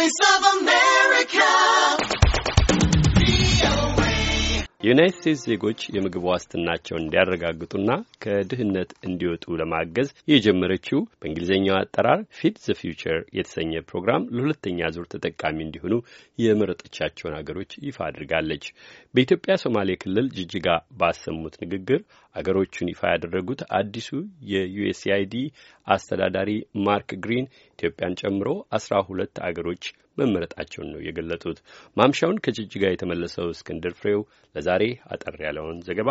Voice of የዩናይት ስቴትስ ዜጎች የምግብ ዋስትናቸውን እንዲያረጋግጡና ከድህነት እንዲወጡ ለማገዝ የጀመረችው በእንግሊዝኛው አጠራር ፊድ ዘ ፊውቸር የተሰኘ ፕሮግራም ለሁለተኛ ዙር ተጠቃሚ እንዲሆኑ የመረጠቻቸውን አገሮች ይፋ አድርጋለች። በኢትዮጵያ ሶማሌ ክልል ጅጅጋ ባሰሙት ንግግር አገሮቹን ይፋ ያደረጉት አዲሱ የዩኤስኤአይዲ አስተዳዳሪ ማርክ ግሪን ኢትዮጵያን ጨምሮ አስራ ሁለት አገሮች መመረጣቸውን ነው የገለጡት። ማምሻውን ከጅጅጋ የተመለሰው እስክንድር ፍሬው ለዛሬ አጠር ያለውን ዘገባ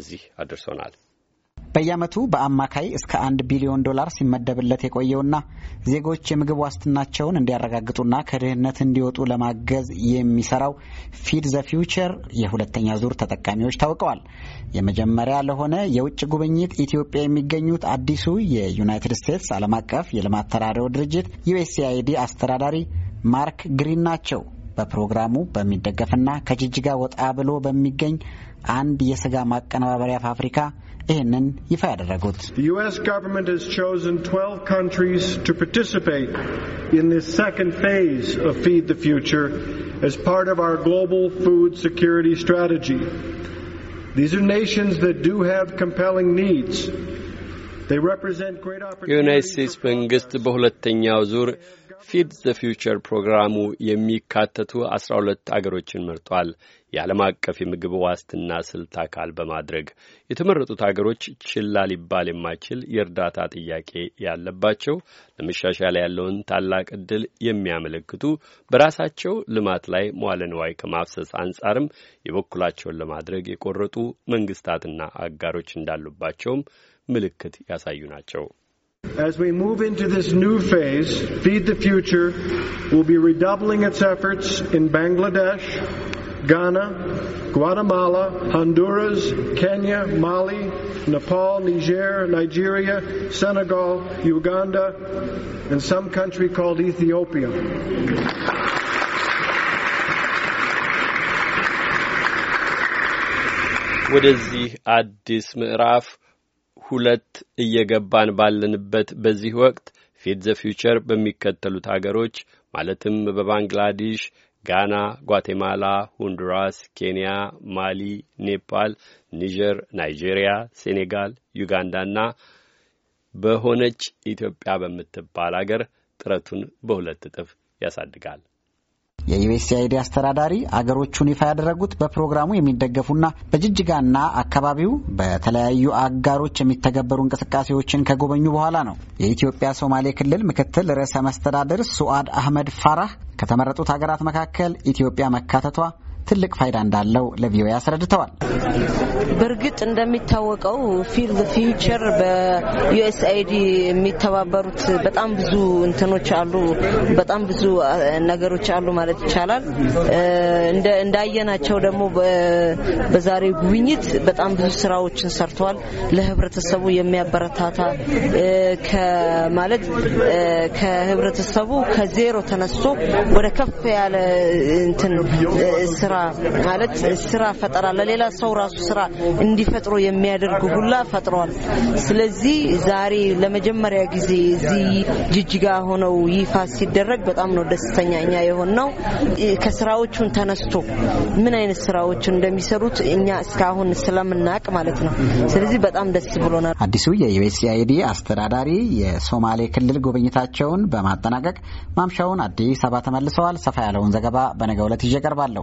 እዚህ አድርሶናል። በየዓመቱ በአማካይ እስከ አንድ ቢሊዮን ዶላር ሲመደብለት የቆየውና ዜጎች የምግብ ዋስትናቸውን እንዲያረጋግጡና ከድህነት እንዲወጡ ለማገዝ የሚሰራው ፊድ ዘ ፊውቸር የሁለተኛ ዙር ተጠቃሚዎች ታውቀዋል። የመጀመሪያ ለሆነ የውጭ ጉብኝት ኢትዮጵያ የሚገኙት አዲሱ የዩናይትድ ስቴትስ ዓለም አቀፍ የልማት ተራድኦ ድርጅት ዩኤስኤአይዲ አስተዳዳሪ ማርክ ግሪን ናቸው። በፕሮግራሙ በሚደገፍና ከጅጅጋ ወጣ ብሎ በሚገኝ አንድ የስጋ ማቀነባበሪያ ፋብሪካ ይህንን ይፋ ያደረጉት የዩናይት ስቴትስ መንግስት በሁለተኛው ዙር ፊድ ዘ ፊውቸር ፕሮግራሙ የሚካተቱ አስራ ሁለት አገሮችን መርጧል። የዓለም አቀፍ የምግብ ዋስትና ስልት አካል በማድረግ የተመረጡት አገሮች ችላ ሊባል የማይችል የእርዳታ ጥያቄ ያለባቸው ለመሻሻል ያለውን ታላቅ ዕድል የሚያመለክቱ በራሳቸው ልማት ላይ መዋለ ንዋይ ከማፍሰስ አንጻርም የበኩላቸውን ለማድረግ የቆረጡ መንግስታትና አጋሮች እንዳሉባቸውም ምልክት ያሳዩ ናቸው። As we move into this new phase, Feed the Future will be redoubling its efforts in Bangladesh, Ghana, Guatemala, Honduras, Kenya, Mali, Nepal, Niger, Nigeria, Senegal, Uganda, and some country called Ethiopia. ወደዚህ አዲስ ምዕራፍ ሁለት እየገባን ባለንበት በዚህ ወቅት ፊት ዘ ፊውቸር በሚከተሉት አገሮች ማለትም በባንግላዴሽ፣ ጋና፣ ጓቴማላ፣ ሆንዱራስ፣ ኬንያ፣ ማሊ፣ ኔፓል፣ ኒጀር፣ ናይጄሪያ፣ ሴኔጋል፣ ዩጋንዳና በሆነች ኢትዮጵያ በምትባል አገር ጥረቱን በሁለት እጥፍ ያሳድጋል። የዩኤስኤአይዲ አስተዳዳሪ አገሮቹን ይፋ ያደረጉት በፕሮግራሙ የሚደገፉና በጅጅጋና አካባቢው በተለያዩ አጋሮች የሚተገበሩ እንቅስቃሴዎችን ከጎበኙ በኋላ ነው። የኢትዮጵያ ሶማሌ ክልል ምክትል ርዕሰ መስተዳድር ሱአድ አህመድ ፋራህ ከተመረጡት ሀገራት መካከል ኢትዮጵያ መካተቷ ትልቅ ፋይዳ እንዳለው ለቪኦኤ አስረድተዋል። በእርግጥ እንደሚታወቀው ፊልድ ፊውቸር በዩኤስአይዲ የሚተባበሩት በጣም ብዙ እንትኖች አሉ፣ በጣም ብዙ ነገሮች አሉ ማለት ይቻላል። እንዳየናቸው ደግሞ በዛሬው ጉብኝት በጣም ብዙ ስራዎችን ሰርተዋል። ለህብረተሰቡ የሚያበረታታ ማለት ከህብረተሰቡ ከዜሮ ተነስቶ ወደ ከፍ ያለ እንትን ስራ ማለት ስራ ፈጠራ ለሌላ ሰው ራሱ ስራ እንዲፈጥሩ የሚያደርጉ ሁላ ፈጥሯል። ስለዚህ ዛሬ ለመጀመሪያ ጊዜ እዚህ ጅጅጋ ሆነው ይፋ ሲደረግ በጣም ነው ደስተኛ እኛ የሆን ነው። ከስራዎቹን ተነስቶ ምን አይነት ስራዎችን እንደሚሰሩት እኛ እስካሁን ስለምናውቅ ማለት ነው። ስለዚህ በጣም ደስ ብሎናል። አዲሱ የዩኤስኤአይዲ አስተዳዳሪ የሶማሌ ክልል ጉብኝታቸውን በማጠናቀቅ ማምሻውን አዲስ አበባ ተመልሰዋል። ሰፋ ያለውን ዘገባ በነገው ዕለት ይዤ እቀርባለሁ።